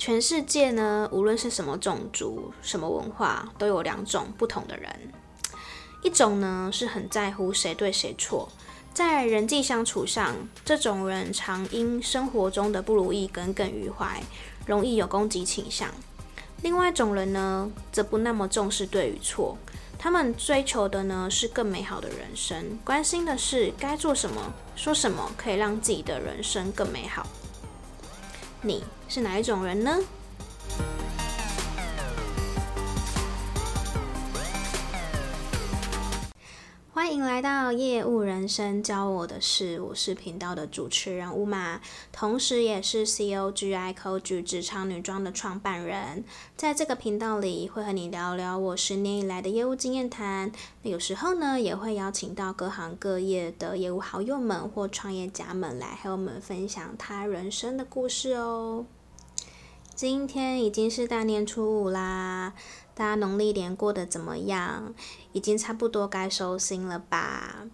全世界呢，無論是什麼種族、什麼文化，都有兩種不同的人。一種呢，是很在乎誰對誰錯，在人際相處上，這種人常因生活中的不如意耿耿於懷，容易有攻擊傾向。另外一種人呢，則不那麼重視對與錯，他們追求的呢是更美好的人生，關心的是該做什麼、說什麼可以讓自己的人生更美好。你是哪一種人呢？歡迎來到業務人生教我的事，我是頻道的主持人 Uma，同時也是 COGIVIBE 職場女裝的創辦人，在這個頻道裡會和你聊聊我十年以來的業務經驗談，有時候呢也會邀請到各行各業的業務好友們或創業家們來和我們分享他人生的故事哦。今天已經是大年初五啦，大家農曆年過得怎麼樣？已經差不多該收心了吧。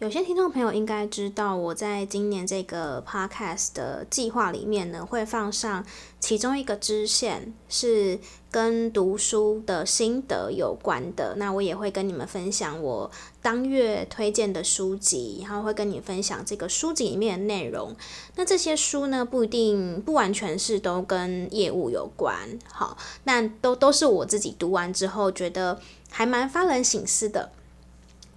有些聽眾朋友應該知道，我在今年這個 podcast 的計劃裡面呢，會放上其中一個支線是跟讀書的心得有關的。那我也會跟你們分享我當月推薦的書籍，然後會跟你分享這個書籍裡面的內容。那這些書呢，不一定，不完全是都跟業務有關。好，那都都是我自己讀完之後覺得還蠻發人省思的。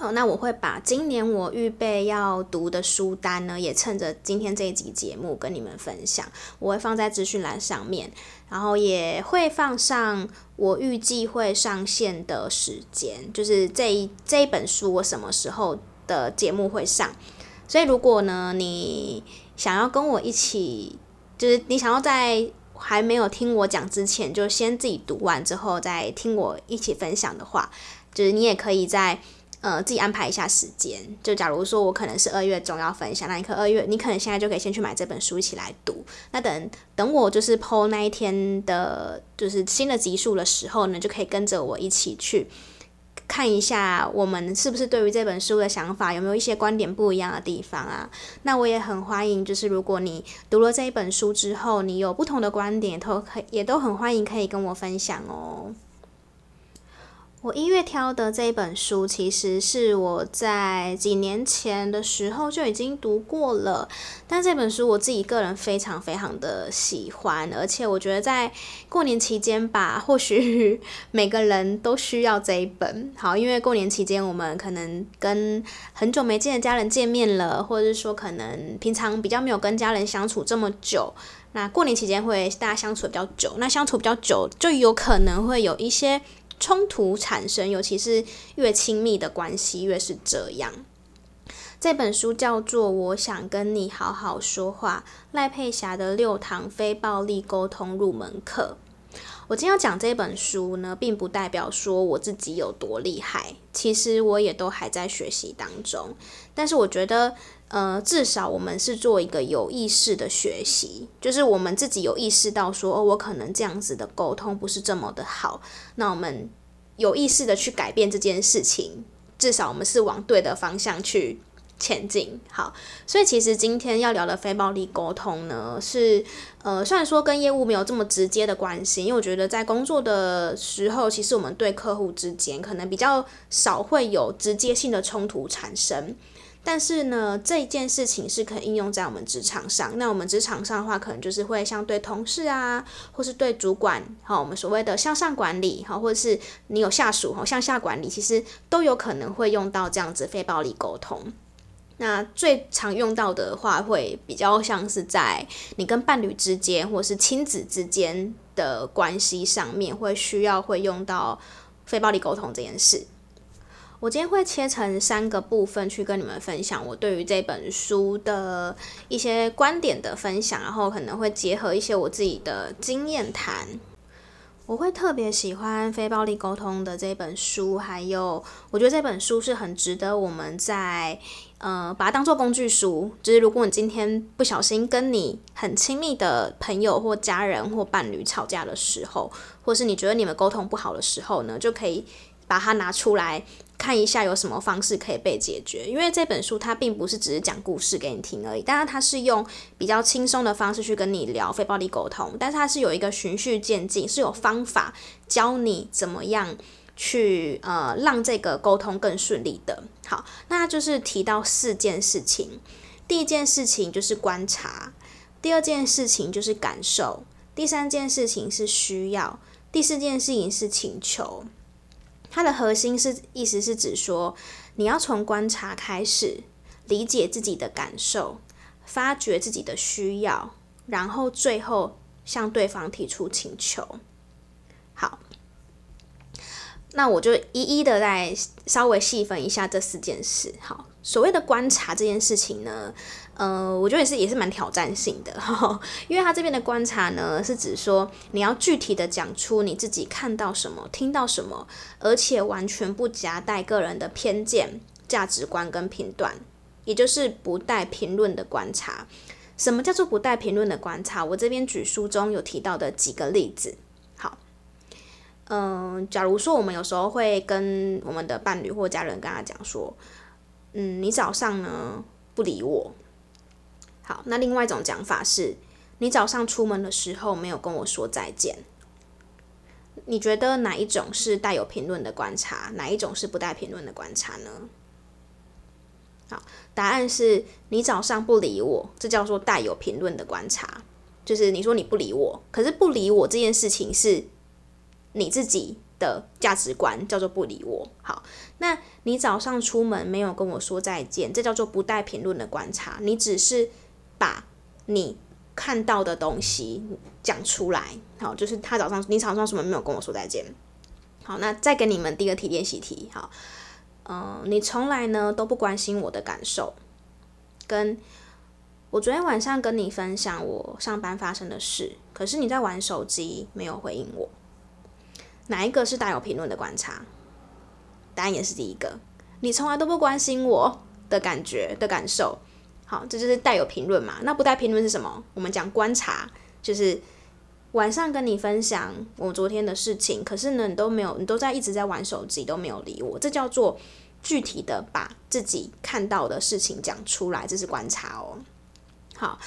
好，哦，那我會把今年我預備要讀的書單呢，也趁着今天這一集節目跟你們分享。我會放在資訊欄上面，然後也會放上我預計會上線的時間，就是這一這一本書我什麼時候的節目會上。所以如果呢，你想要跟我一起，就是你想要在還沒有聽我講之前，就先自己讀完之後再聽我一起分享的話，就是你也可以在。呃，自己安排一下時間。就假如說我可能是二月中要分享，那你可二月，你可能現在就可以先去買這本書一起來讀。那等等我就是 po 那一天的，就是新的集數的時候呢，就可以跟着我一起去看一下我們是不是對於這本書的想法有沒有一些觀點不一樣的地方啊。那我也很歡迎，就是如果你讀了這一本書之後，你有不同的觀點，都可也都很歡迎可以跟我分享哦。我一月挑的這一本書，其實是我在幾年前的時候就已經讀過了。但這本書我自己個人非常非常的喜歡，而且我覺得在過年期間吧，或許每個人都需要這一本。好，因為過年期間我們可能跟很久沒見的家人見面了，或者是說可能平常比較沒有跟家人相處這麼久，那過年期間會大家相處比較久，那相處比較久，就有可能會有一些。衝突產生，尤其是越親密的關係，越是這樣。這本書叫做《我想跟你好好說話》，賴佩霞的六堂非暴力溝通入門課。我今天要講這本書呢，並不代表說我自己有多厲害，其實我也都還在學習當中。但是我覺得。呃，至少我們是做一個有意識的學習，就是我們自己有意識到說，哦，我可能這樣子的溝通不是這麼的好，那我們有意識的去改變這件事情，至少我們是往對的方向去前進。好，所以其實今天要聊的非暴力溝通呢，是呃，雖然說跟業務沒有這麼直接的關係，因為我覺得在工作的時候，其實我們對客戶之間可能比較少會有直接性的衝突產生。但是呢，這一件事情是可以應用在我們職場上。那我們職場上的話，可能就是會像對同事啊，或是對主管，哈，我們所謂的向上管理，哈，或者是你有下屬，哈，向下管理，其實都有可能會用到這樣子非暴力溝通。那最常用到的話，會比較像是在你跟伴侶之間，或是親子之間的關係上面，會需要會用到非暴力溝通這件事。我今天會切成三個部分去跟你們分享我對於這本書的一些觀點的分享，然後可能會結合一些我自己的經驗談。我會特別喜歡《非暴力溝通》的這本書，還有我覺得這本書是很值得我們在呃把它當做工具書，就是如果你今天不小心跟你很親密的朋友或家人或伴侶吵架的時候，或是你覺得你們溝通不好的時候呢，就可以，把它拿出來看一下，有什麼方式可以被解決？因為這本書它並不是只是講故事給你聽而已，當然它是用比較輕鬆的方式去跟你聊非暴力溝通，但是它是有一個循序漸進，是有方法教你怎麼樣去呃讓這個溝通更順利的。好，那它就是提到四件事情，第一件事情就是觀察，第二件事情就是感受，第三件事情是需要，第四件事情是請求。它的核心是，意思是指說，說你要從觀察開始，理解自己的感受，發掘自己的需要，然後最後向對方提出請求。好，那我就一一的再稍微細分一下這四件事。好，所謂的觀察這件事情呢？呃，我覺得也是，也是蠻挑戰性的，呵呵，因為他這邊的觀察呢，是指說你要具體的講出你自己看到什麼、聽到什麼，而且完全不夾帶個人的偏見、價值觀跟評斷，也就是不帶評論的觀察。什麼叫做不帶評論的觀察？我這邊舉書中有提到的幾個例子。好，嗯、呃，假如說我們有時候會跟我們的伴侶或家人跟他講說，嗯，你早上呢不理我。好，那另外一種講法是，你早上出門的時候沒有跟我說再見。你覺得哪一種是帶有評論的觀察？哪一種是不帶評論的觀察呢？好，答案是你早上不理我，這叫做帶有評論的觀察，就是你說你不理我，可是不理我這件事情是你自己的價值觀，叫做不理我。好，那你早上出門沒有跟我說再見，這叫做不帶評論的觀察，你只是，把你看到的東西講出來，好，就是他早上，你早上為什麼沒有跟我說再見？好，那再給你們第二個題練習題，好，嗯、呃，你從來呢都不關心我的感受，跟我昨天晚上跟你分享我上班發生的事，可是你在玩手機沒有回應我，哪一個是帶有評論的觀察？答案也是第一個，你從來都不關心我的感覺的感受。好，這就是帶有評論嘛。那不帶評論是什麼？我們講觀察，就是晚上跟你分享我昨天的事情，可是呢，你都沒有，你都在一直在玩手機，都沒有理我。這叫做具體的把自己看到的事情講出來，這是觀察哦。好，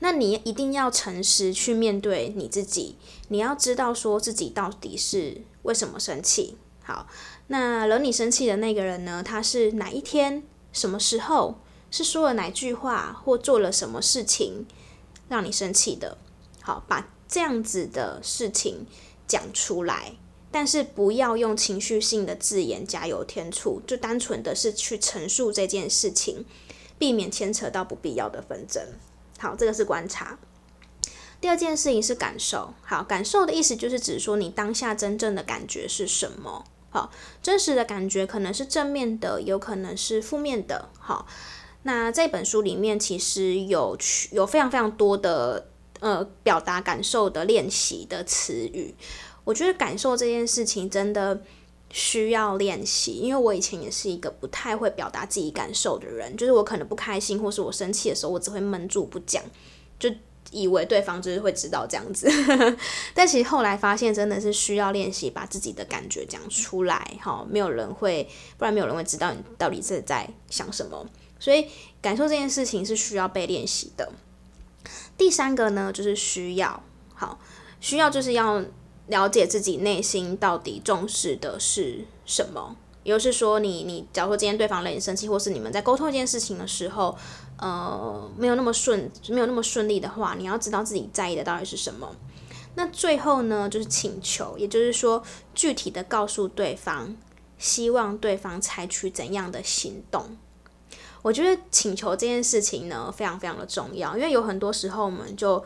那你一定要誠實去面對你自己，你要知道說自己到底是為什麼生氣。好，那惹你生氣的那個人呢？他是哪一天、什麼時候？是說了哪句話或做了什麼事情讓你生氣的？好，把這樣子的事情講出來，但是不要用情緒性的字眼加油添醋，就單純的是去陳述這件事情，避免牽扯到不必要的紛爭。好，這個是觀察。第二件事情是感受。好，感受的意思就是指說你當下真正的感覺是什麼？好，真實的感覺可能是正面的，有可能是負面的。好。那這本書裡面其實有有非常非常多的呃表達感受的練習的詞語，我覺得感受這件事情真的需要練習，因為我以前也是一個不太會表達自己感受的人，就是我可能不開心或是我生氣的時候，我只會悶住不講，就以為對方就是會知道這樣子，呵呵，但其實後來發現真的是需要練習把自己的感覺講出來，哈，沒有人會，不然沒有人會知道你到底是在想什麼。所以，感受這件事情是需要被練習的。第三個呢，就是需要好需要，就是要了解自己內心到底重視的是什麼。也就是說你，你你，假如說今天對方惹你生氣，或是你們在溝通一件事情的時候，呃，沒有那麼順，沒有那麼順利的話，你要知道自己在意的到底是什麼。那最後呢，就是請求，也就是說，具體的告訴對方，希望對方採取怎樣的行動。我覺得請求這件事情呢，非常非常的重要，因為有很多時候我們就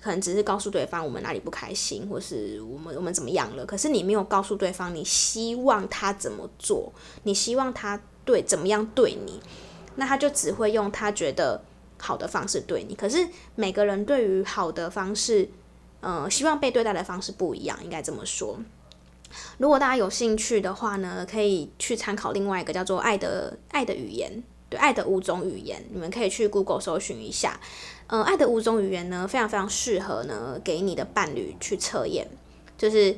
可能只是告訴對方我們哪裡不開心，或是我們我們怎麼樣了，可是你沒有告訴對方你希望他怎麼做，你希望他對怎麼樣對你，那他就只會用他覺得好的方式對你。可是每個人對於好的方式，嗯、呃，希望被對待的方式不一樣，應該這麼說。如果大家有興趣的話呢，可以去參考另外一個叫做《愛的愛的語言》。愛的五種語言，你們可以去 Google 搜尋一下。嗯、呃，愛的五種語言呢，非常非常適合呢，給你的伴侶去測驗。就是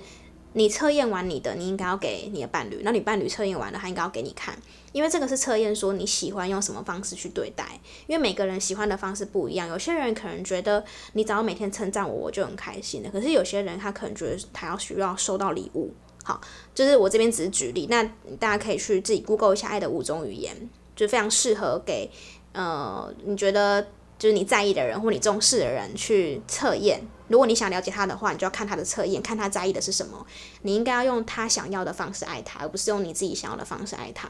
你測驗完你的，你應該要給你的伴侶；那你伴侶測驗完了，他應該要給你看，因為這個是測驗說你喜歡用什麼方式去對待。因為每個人喜歡的方式不一樣，有些人可能覺得你只要每天稱讚我，我就很開心了。可是有些人他可能覺得他要需要收到禮物。好，就是我這邊只是舉例，那大家可以去自己 Google 一下愛的五種語言。就非常適合給，呃，你覺得就是你在意的人或你重視的人去測驗。如果你想了解他的話，你就要看他的測驗，看他在意的是什麼。你應該要用他想要的方式愛他，而不是用你自己想要的方式愛他。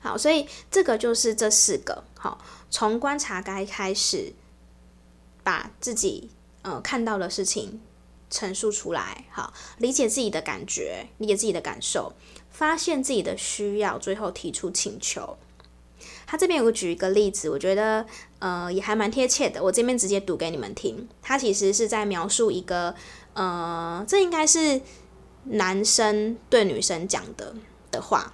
好，所以這個就是這四個。好，從觀察該開始，把自己呃看到的事情陳述出來。好，理解自己的感覺，理解自己的感受。發現自己的需要，最後提出請求。他這邊有個舉一個例子，我覺得呃也還蠻貼切的。我這邊直接讀給你們聽。他其實是在描述一個呃，這應該是男生對女生講的的話，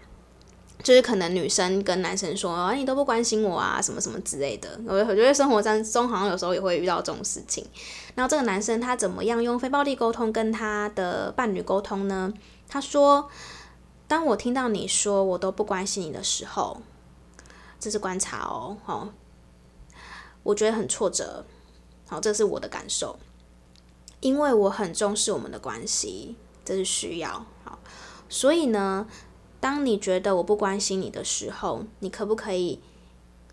就是可能女生跟男生說、啊：“你都不關心我啊，什麼什麼之類的。”我我覺得生活中好像有時候也會遇到這種事情。然後這個男生他怎麼樣用非暴力溝通跟他的伴侶溝通呢？他說。當我聽到你說我都不關心你的時候，這是觀察哦，好，我覺得很挫折，好，這是我的感受，因為我很重視我們的關係，這是需要，好，所以呢，當你覺得我不關心你的時候，你可不可以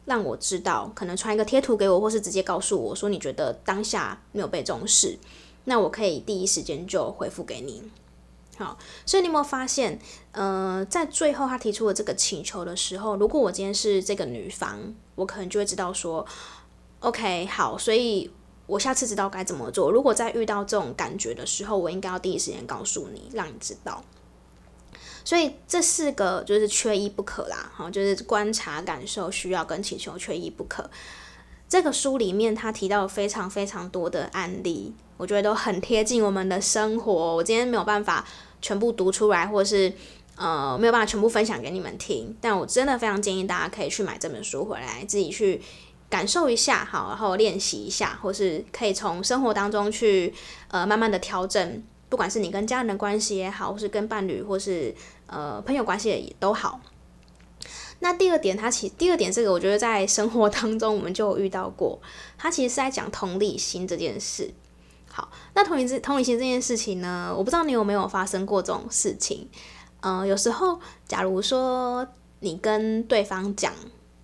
讓我知道？可能傳一個貼圖給我，或是直接告訴我說你覺得當下沒有被重視，那我可以第一時間就回復給你。好，所以你有沒有發現，呃，在最後他提出了這個請求的時候，如果我今天是這個女方，我可能就會知道說，OK，好，所以我下次知道該怎麼做。如果在遇到這種感覺的時候，我應該要第一時間告訴你，讓你知道。所以這四個就是缺一不可啦，哈，就是觀察、感受、需要跟請求缺一不可。這個書裡面他提到非常非常多的案例，我覺得都很貼近我們的生活。我今天沒有辦法。全部讀出來，或是呃沒有辦法全部分享給你們聽，但我真的非常建議大家可以去買這本書回來自己去感受一下，好，然後練習一下，或是可以從生活當中去呃慢慢的調整，不管是你跟家人的關係也好，或是跟伴侶，或是呃朋友關係也都好。那第二點，它其第二點這個我覺得在生活當中我們就遇到過，它其實是在講同理心這件事。好，那同理這同理心這件事情呢，我不知道你有沒有發生過這種事情。嗯、呃，有時候，假如說你跟對方講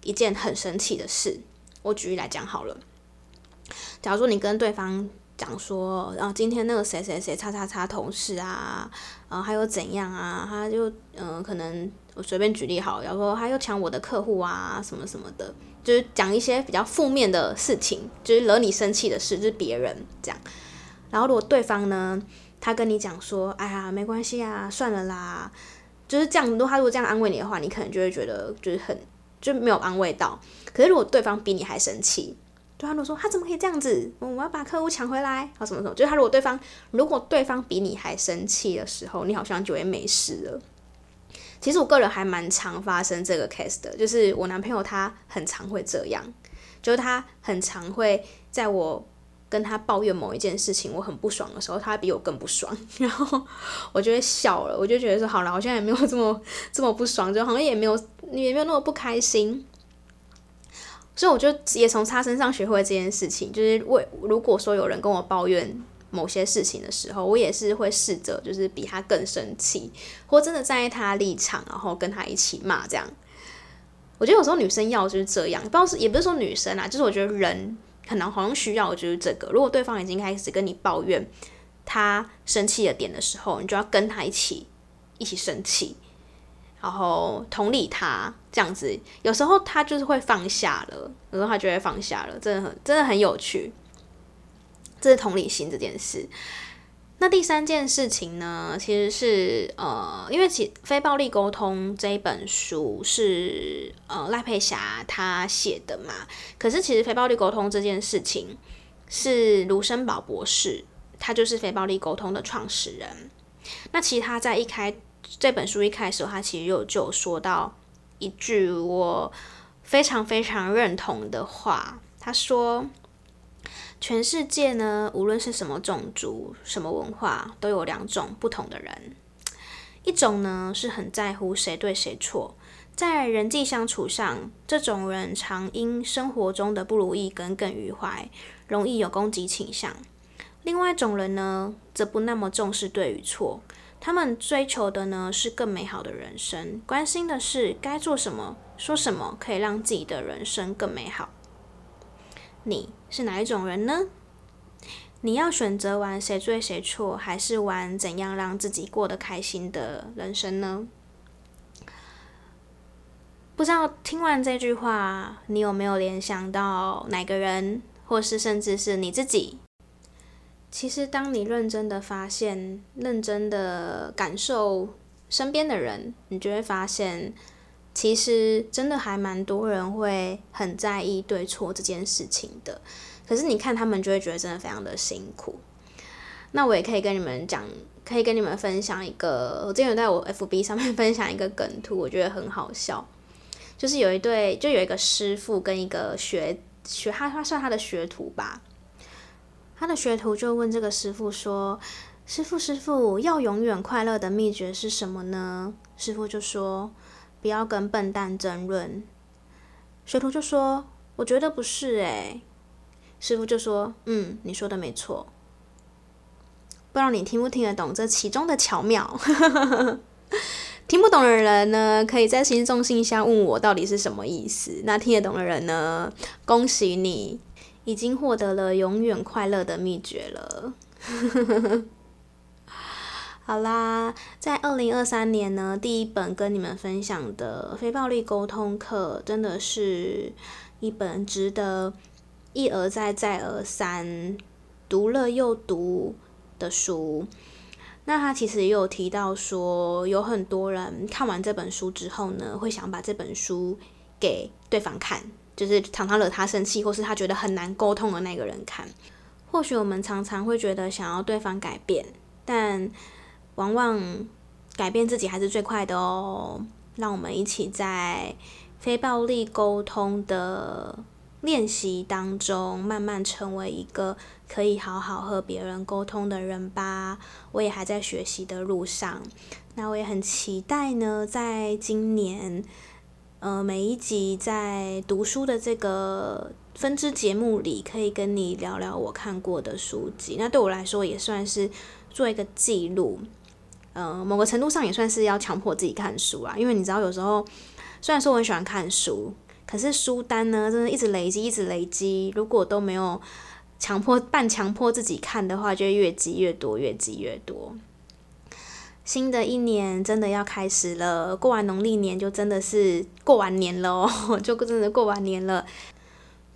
一件很生氣的事，我舉例來講好了。假如說你跟對方講說，然後，啊，今天那個誰誰誰叉叉叉同事啊，啊，還有怎樣啊，他就嗯、呃，可能我隨便舉例好了，然後他又搶我的客戶啊，什麼什麼的，就是講一些比較負面的事情，就是惹你生氣的事，就是別人這樣。然後如果對方呢，他跟你講說，哎呀，沒關係啊，算了啦，就是這樣，如果他，如果這樣安慰你的話，你可能就會覺得就是很，就沒有安慰到。可是如果對方比你還生氣，對，他如果說他怎麼可以這樣子，我要把客戶搶回來，啊，什麼什麼，就是他如果對方，如果對方比你還生氣的時候，你好像就會沒事了。其實我個人還蠻常發生這個 case 的，就是我男朋友他很常會這樣，就是他很常會在我。跟他抱怨某一件事情，我很不爽的時候，他比我更不爽，然後我就會笑了，我就覺得說好了，我現在也沒有這麼這麼不爽，就好像也沒有也沒有那麼不開心，所以我就也從他身上學會這件事情，就是為如果說有人跟我抱怨某些事情的時候，我也是會試着就是比他更生氣，或真的在意他立場，然後跟他一起罵這樣。我覺得有時候女生要就是這樣，不知道是也不是說女生啦，就是我覺得人。可能好像需要的就是這個。如果對方已經開始跟你抱怨他生氣的點的時候，你就要跟他一起一起生氣，然後同理他這樣子。有時候他就是會放下了，有時候他就會放下了，真的很，真的很有趣。這是同理心這件事。那第三件事情呢，其實是呃，因為其非暴力溝通這一本書是呃賴佩霞他寫的嘛，可是其實非暴力溝通這件事情是盧森堡博士，他就是非暴力溝通的創始人。那其實他在一開這本書一開始，他其實就有就有說到一句我非常非常認同的話，他說。全世界呢，無論是什麼種族、什麼文化，都有兩種不同的人。一種呢，是很在乎誰對誰錯，在人際相處上，這種人常因生活中的不如意耿耿於懷，容易有攻擊傾向。另外一種人呢，則不那麼重視對與錯，他們追求的呢，是更美好的人生，關心的是該做什麼、說什麼，可以讓自己的人生更美好。你是哪一種人呢？你要選擇玩誰對誰錯，還是玩怎樣讓自己過得開心的人生呢？不知道聽完這句話，你有沒有聯想到哪個人，或是甚至是你自己？其實，當你認真的發現、認真的感受身邊的人，你就會發現。其實真的還蠻多人會很在意對錯這件事情的，可是你看他們就會覺得真的非常的辛苦。那我也可以跟你們講，可以跟你們分享一個，我之前有在我 FB 上面分享一個梗圖，我覺得很好笑。就是有一對，就有一個師傅跟一個學學他，他他算他的學徒吧。他的學徒就問這個師傅說：“師傅，師傅，要永遠快樂的秘訣是什麼呢？”師傅就說，不要跟笨蛋爭論。學徒就說：“我覺得不是誒、欸，師傅就說：“嗯，你說的沒錯。不知道你聽不聽得懂這其中的巧妙？ 聽不懂的人呢，可以在評中區下問我到底是什麼意思。那聽得懂的人呢，恭喜你已經獲得了永遠快樂的秘訣了。 ”好啦，在二零二三年呢，第一本跟你們分享的《非暴力溝通課》真的是一本值得一而再、再而三讀了又讀的書。那他其實也有提到說，有很多人看完這本書之後呢，會想把這本書給對方看，就是常常惹他生氣，或是他覺得很難溝通的那個人看。或許我們常常會覺得想要對方改變，但往往改變自己還是最快的哦。讓我們一起在非暴力溝通的練習當中，慢慢成為一個可以好好和別人溝通的人吧。我也還在學習的路上，那我也很期待呢，在今年，呃，每一集在讀書的這個分支節目裡，可以跟你聊聊我看過的書籍。那對我來說，也算是做一個記錄。呃，某個程度上也算是要強迫自己看書啊，因為你知道，有時候雖然說我很喜歡看書，可是書單呢，真的一直累積，一直累積。如果都沒有強迫、半強迫自己看的話，就越積越多，越積越多。新的一年真的要開始了，過完農曆年就真的是過完年了哦，就真的過完年了。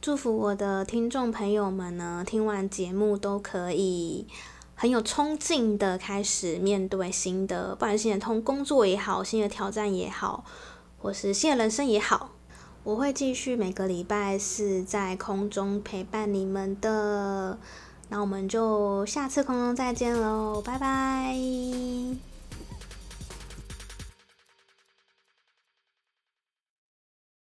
祝福我的聽眾朋友們呢，聽完節目都可以。很有衝勁的開始面對新的，不管是新的通工作也好，新的挑戰也好，或是新的人生也好，我會繼續每個禮拜四在空中陪伴你們的，那我們就下次空中再見嘍，拜拜。